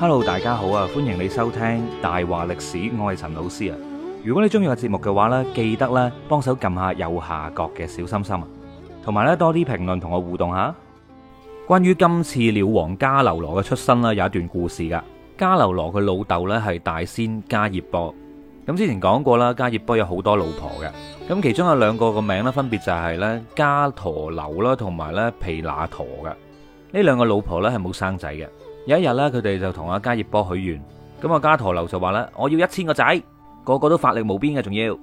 Hello，大家好啊！歡迎你收聽大話歷史，我係陳老師啊。如果你中意個節目嘅話呢，記得咧幫手撳下右下角嘅小心心啊，同埋呢多啲評論同我互動下。關於今次鳥王迦樓羅嘅出身啦，有一段故事噶。迦樓羅佢老豆呢係大仙加葉波，咁之前講過啦，加葉波有好多老婆嘅，咁其中有兩個個名呢分別就係呢加陀留啦，同埋呢皮那陀噶。呢兩個老婆呢係冇生仔嘅。有一日咧，佢哋就同阿加葉波許願。咁阿加陀流就話咧，我要一千個仔，個個都法力無邊嘅，仲要。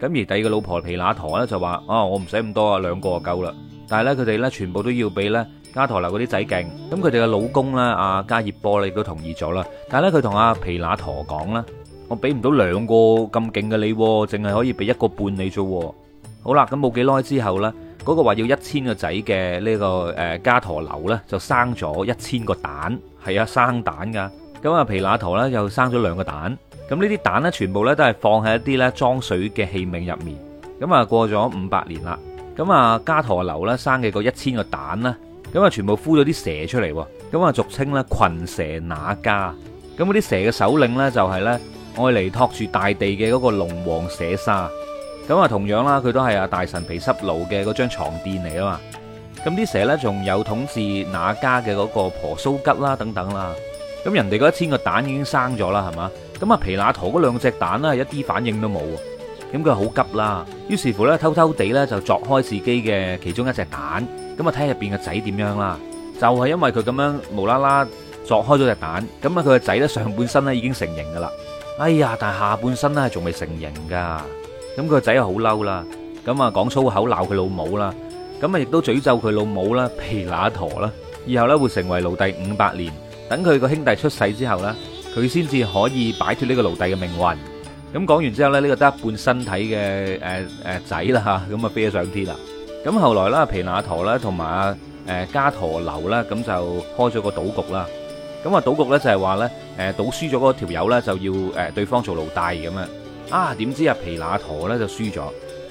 咁而第二個老婆皮乸陀咧就話，哦，我唔使咁多啊，兩個就夠啦。但係咧，佢哋咧全部都要俾咧加陀流嗰啲仔勁。咁佢哋嘅老公咧，阿加葉波咧亦都同意咗啦。但係咧，佢同阿皮乸陀講啦，我俾唔到兩個咁勁嘅你，淨係可以俾一個半你啫。好啦，咁冇幾耐之後咧。嗰個話要一千個仔嘅呢個誒加陀樓呢，就生咗一千個蛋，係啊生蛋噶。咁啊皮那陀呢，又生咗兩個蛋。咁呢啲蛋呢，全部呢都係放喺一啲呢裝水嘅器皿入面。咁啊過咗五百年啦。咁啊加陀樓呢，生嘅嗰一千個蛋呢，咁啊全部孵咗啲蛇出嚟。咁啊俗稱呢「群蛇那家」。咁嗰啲蛇嘅首領呢，就係呢愛嚟托住大地嘅嗰個龍王蛇沙。咁啊，同樣啦，佢都係啊大神皮濕路嘅嗰張牀墊嚟啊嘛。咁啲蛇呢，仲有統治那家嘅嗰個婆蘇吉啦，等等啦。咁人哋嗰一千個蛋已經生咗啦，係嘛？咁啊，皮那圖嗰兩隻蛋呢，一啲反應都冇啊。咁佢好急啦，於是乎呢，偷偷地呢，就鑿開自己嘅其中一隻蛋，咁啊睇下入邊個仔點樣啦。就係因為佢咁樣無啦啦鑿開咗隻蛋，咁啊佢個仔呢，上半身呢已經成形噶啦。哎呀，但係下半身呢，仲未成形噶。咁佢個仔又好嬲啦，咁啊講粗口鬧佢老母啦，咁啊亦都詛咒佢老母啦，皮那陀啦，以後呢會成為奴隸五百年，等佢個兄弟出世之後呢，佢先至可以擺脫呢個奴隸嘅命運。咁講完之後呢，呢、這個得一半身體嘅誒誒仔啦吓，咁啊飛咗上天啦。咁後來啦，皮那陀啦同埋阿誒加陀流啦，咁就開咗個賭局啦。咁啊賭局呢，就係話呢，誒賭輸咗嗰條友呢，就要誒對方做奴隸咁啊。啊！點知啊，皮那陀咧就輸咗，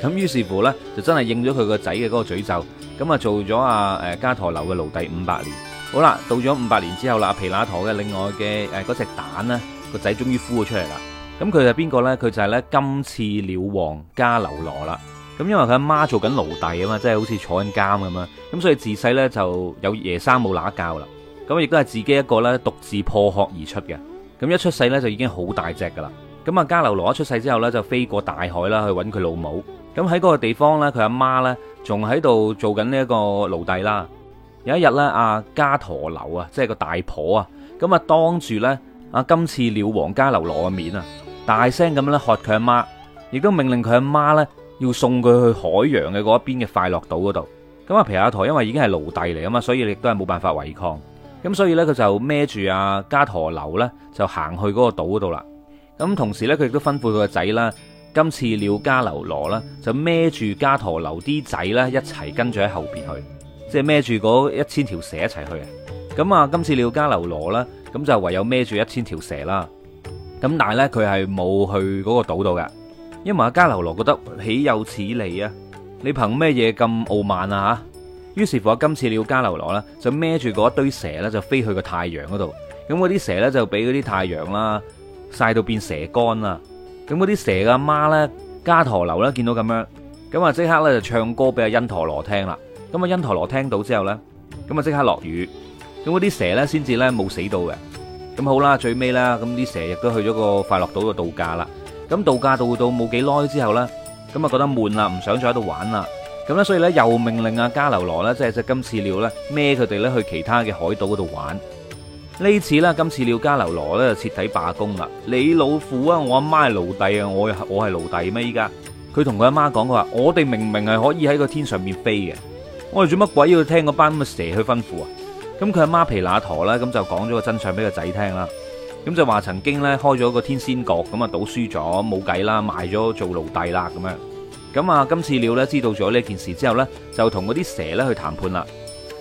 咁於是乎呢，就真係應咗佢個仔嘅嗰個詛咒，咁啊做咗啊誒加陀樓嘅奴隸五百年。好啦，到咗五百年之後啦，皮那陀嘅另外嘅誒嗰隻蛋呢，個仔終於孵咗出嚟啦。咁佢係邊個呢？佢就係咧金翅鳥王迦樓羅啦。咁因為佢阿媽做緊奴隸啊嘛，即係好似坐緊監咁樣，咁所以自細呢，就有爺生冇乸教啦。咁亦都係自己一個呢，獨自破殼而出嘅。咁一出世呢，就已經好大隻噶啦。咁啊！迦樓羅一出世之後咧，就飛過大海啦，去揾佢老母。咁喺嗰個地方呢，佢阿媽呢，仲喺度做緊呢一個奴隸啦。有一日呢，阿加陀樓啊，即係個大婆啊，咁啊，當住呢，阿金翅鳥王迦樓羅嘅面啊，大聲咁樣喝佢阿媽，亦都命令佢阿媽呢，要送佢去海洋嘅嗰一邊嘅快樂島嗰度。咁啊，皮亞陀因為已經係奴隸嚟啊嘛，所以亦都係冇辦法違抗。咁所以呢，佢就孭住阿加陀樓呢，就行去嗰個島嗰度啦。咁同時呢，佢亦都吩咐佢個仔啦，金翅鳥迦樓羅啦，就孭住加陀流啲仔啦，一齊跟住喺後面去，即係孭住嗰一千條蛇一齊去。咁啊，金翅鳥迦樓羅啦，咁就唯有孭住一千條蛇啦。咁但係呢，佢係冇去嗰個島度嘅，因為阿迦樓羅覺得，豈有此理啊！你憑咩嘢咁傲慢啊？於是乎，金翅鳥迦樓羅啦，就孭住嗰一堆蛇呢，就飛去個太陽嗰度。咁嗰啲蛇呢，就俾嗰啲太陽啦。曬到變蛇乾啦！咁嗰啲蛇嘅阿媽咧，迦陀流咧，見到咁樣，咁啊即刻咧就唱歌俾阿因陀羅聽啦。咁啊因陀羅聽到之後咧，咁啊即刻落雨。咁嗰啲蛇咧先至咧冇死到嘅。咁好啦，最尾啦，咁啲蛇亦都去咗個快樂島度度假啦。咁度假到到冇幾耐之後咧，咁啊覺得悶啦，唔想再喺度玩啦。咁咧所以咧又命令阿迦樓羅咧，即係隻金翅鳥咧，孭佢哋咧去其他嘅海島度玩。呢次呢，今次迦樓羅呢就徹底罷工啦！你老父啊，我阿媽係奴隸啊，我我係奴隸咩？依家佢同佢阿媽講，佢話我哋明明係可以喺個天上面飛嘅，我哋做乜鬼要聽嗰班咁嘅蛇去吩咐啊？咁佢阿媽皮乸陀啦，咁就講咗個真相俾個仔聽啦，咁就話曾經呢，開咗個天仙閣，咁啊賭輸咗冇計啦，賣咗做奴隸啦咁樣。咁啊今次廖呢知道咗呢件事之後呢，就同嗰啲蛇呢去談判啦。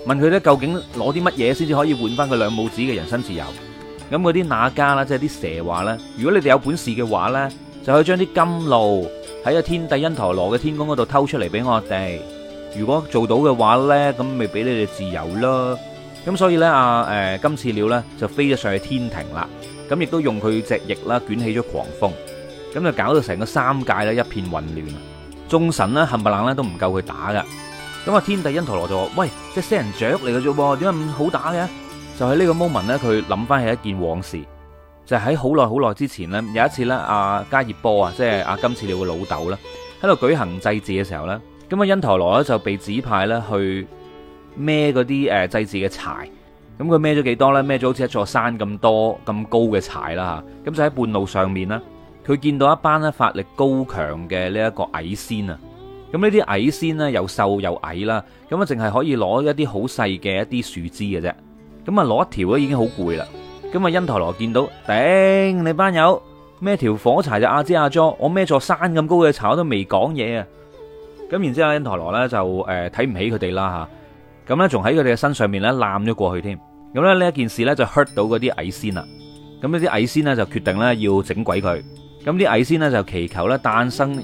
問佢咧，究竟攞啲乜嘢先至可以換翻佢兩母子嘅人身自由？咁嗰啲那伽啦，即係啲蛇話呢，如果你哋有本事嘅話呢，就可以將啲甘露喺個天帝因陀羅嘅天宮嗰度偷出嚟俾我哋。如果做到嘅話呢，咁咪俾你哋自由咯。咁所以呢，啊、今次金翅鳥呢就飛咗上去天庭啦。咁亦都用佢隻翼啦，捲起咗狂風，咁就搞到成個三界咧一片混亂，眾神呢，冚唪唥咧都唔夠佢打噶。咁啊，天帝因陀羅就話：喂，即係死人雀嚟嘅啫，點解咁好打嘅？就係呢個 moment 呢，佢諗翻起一件往事，就係喺好耐好耐之前呢有一次呢，阿加熱波啊，即係阿金翅鳥嘅老豆啦，喺度舉行祭祀嘅時候呢。咁啊，因陀羅就被指派咧去孭嗰啲誒祭祀嘅柴，咁佢孭咗幾多呢？孭咗好似一座山咁多，咁高嘅柴啦吓，咁就喺半路上面呢，佢見到一班呢法力高強嘅呢一個矮仙啊！咁呢啲矮仙呢又瘦又矮啦，咁啊淨係可以攞一啲好細嘅一啲樹枝嘅啫，咁啊攞一條已經好攰啦，咁啊因陀羅見到，頂你班友，孭條火柴就阿芝阿莊，我孭座山咁高嘅茶都未講嘢啊，咁然之後因陀羅咧就誒睇唔起佢哋啦吓，咁咧仲喺佢哋嘅身上面咧攬咗過去添，咁咧呢一件事咧就 hurt 到嗰啲矮仙啦，咁呢啲矮仙呢，就決定咧要整鬼佢，咁啲矮仙呢，就祈求咧誕生。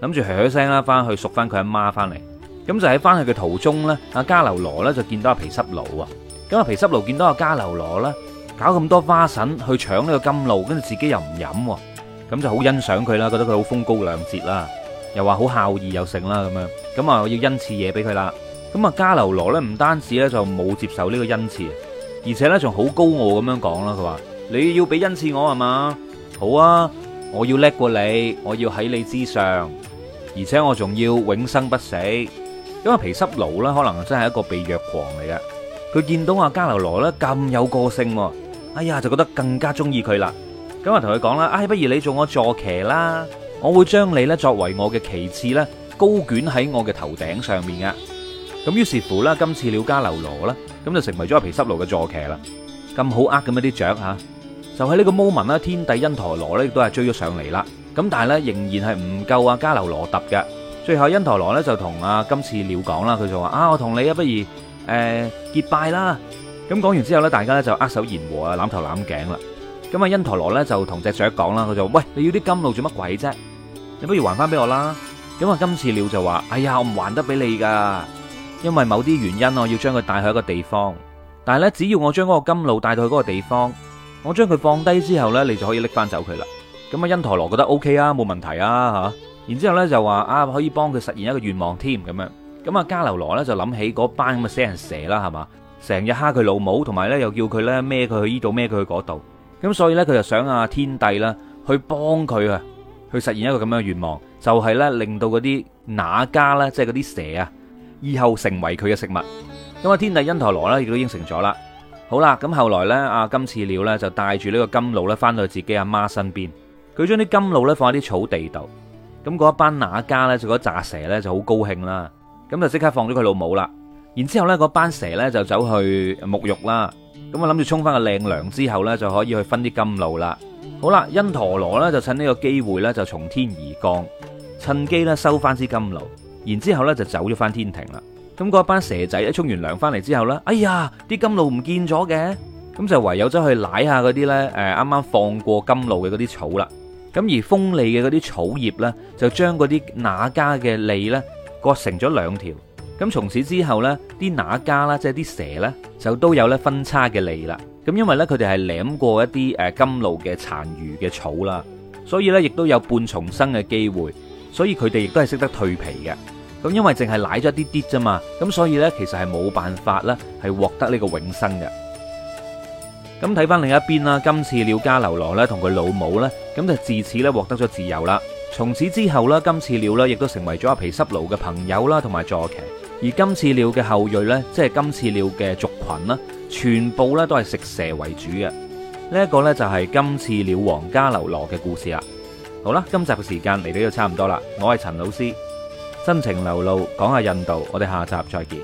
諗住噓噓聲啦，翻去贖翻佢阿媽翻嚟，咁就喺翻去嘅途中呢，阿迦樓羅呢就見到阿皮濕奴啊，咁阿皮濕奴見到阿迦樓羅呢，搞咁多花神去搶呢個甘露，跟住自己又唔飲，咁就好欣賞佢啦，覺得佢好風高兩節啦，又話好孝義又成啦咁樣，咁啊要恩賜嘢俾佢啦，咁啊迦樓羅呢，唔單止呢就冇接受呢個恩賜，而且呢仲好高傲咁樣講啦，佢話你要俾恩賜我係嘛？好啊，我要叻過你，我要喺你之上。而且我仲要永生不死，因為皮濕奴咧可能真係一個被虐狂嚟嘅，佢見到阿加流羅咧咁有個性，哎呀就覺得更加中意佢啦，咁啊同佢講啦，哎不如你做我坐騎啦，我會將你咧作為我嘅旗幟咧高捲喺我嘅頭頂上面嘅，咁於是乎啦，今次了加流羅啦，咁就成為咗皮濕奴嘅坐騎啦，咁好呃咁一啲雀吓，就喺呢個 moment 啦，天帝因陀羅咧亦都係追咗上嚟啦。咁但係咧仍然係唔夠啊！迦樓羅揼嘅，最後因陀羅咧就同啊金翅鳥講啦，佢就話啊我同你啊不如誒、欸、結拜啦！咁講完之後咧，大家咧就握手言和啊攬頭攬頸啦。咁啊因陀羅咧就同隻雀講啦，佢就，喂，你要啲金鹿做乜鬼啫？你不如還翻俾我啦。咁啊金翅鳥就話：哎呀我唔還得俾你噶，因為某啲原因我要將佢帶去一個地方。但係咧只要我將嗰個金鹿帶到去嗰個地方，我將佢放低之後咧，你就可以拎翻走佢啦。咁、OK、啊，因陀羅覺得 OK 啊，冇問題啊，然之後呢，就話啊，可以幫佢實現一個願望添咁樣。咁啊，迦樓羅呢，就諗起嗰班咁嘅死人蛇啦，係嘛？成日蝦佢老母，同埋呢又叫佢呢孭佢去呢度孭佢去嗰度。咁所以呢，佢就想啊天帝啦，去幫佢啊，去實現一個咁樣嘅願望，就係呢令到嗰啲那伽呢，即係嗰啲蛇啊，以後成為佢嘅食物。咁、嗯、啊，天帝因陀羅呢，亦都應承咗啦。好啦，咁後來呢，阿金翅鳥呢，就帶住呢個甘露呢翻到去自己阿媽身邊。佢將啲甘露咧放喺啲草地度，咁嗰一班那家咧就嗰紮蛇咧就好高興啦，咁就即刻放咗佢老母啦。然之後咧，嗰班蛇咧就走去沐浴啦，咁啊諗住沖翻個靚涼之後咧就可以去分啲甘露啦。好啦，因陀羅咧就趁呢個機會咧就從天而降，趁機咧收翻支甘露，然之後咧就走咗翻天庭啦。咁嗰一班蛇仔一沖完涼翻嚟之後咧，哎呀，啲甘露唔見咗嘅，咁就唯有走去舐下嗰啲咧誒啱啱放過甘露嘅嗰啲草啦。咁而鋒利嘅嗰啲草葉呢，就將嗰啲那家嘅脷呢割成咗兩條。咁從此之後呢，啲那家啦，即係啲蛇呢，就都有呢分叉嘅脷啦。咁因為呢，佢哋係舐過一啲誒甘露嘅殘餘嘅草啦，所以呢，亦都有半重生嘅機會。所以佢哋亦都係識得蛻皮嘅。咁因為淨係舐咗啲啲啫嘛，咁所以呢，其實係冇辦法呢，係獲得呢個永生嘅。咁睇翻另一邊啦，金翅鳥迦樓羅呢，同佢老母呢，咁就自此咧，獲得咗自由啦。從此之後啦，金翅鳥呢，亦都成為咗阿毗濕奴嘅朋友啦，同埋坐騎。而金翅鳥嘅後裔呢，即係金翅鳥嘅族群啦，全部呢都係食蛇為主嘅。呢一個呢，就係金翅鳥王迦樓羅嘅故事啦。好啦，今集嘅時間嚟到咗差唔多啦，我係陳老師，真情流露講下印度，我哋下集再見。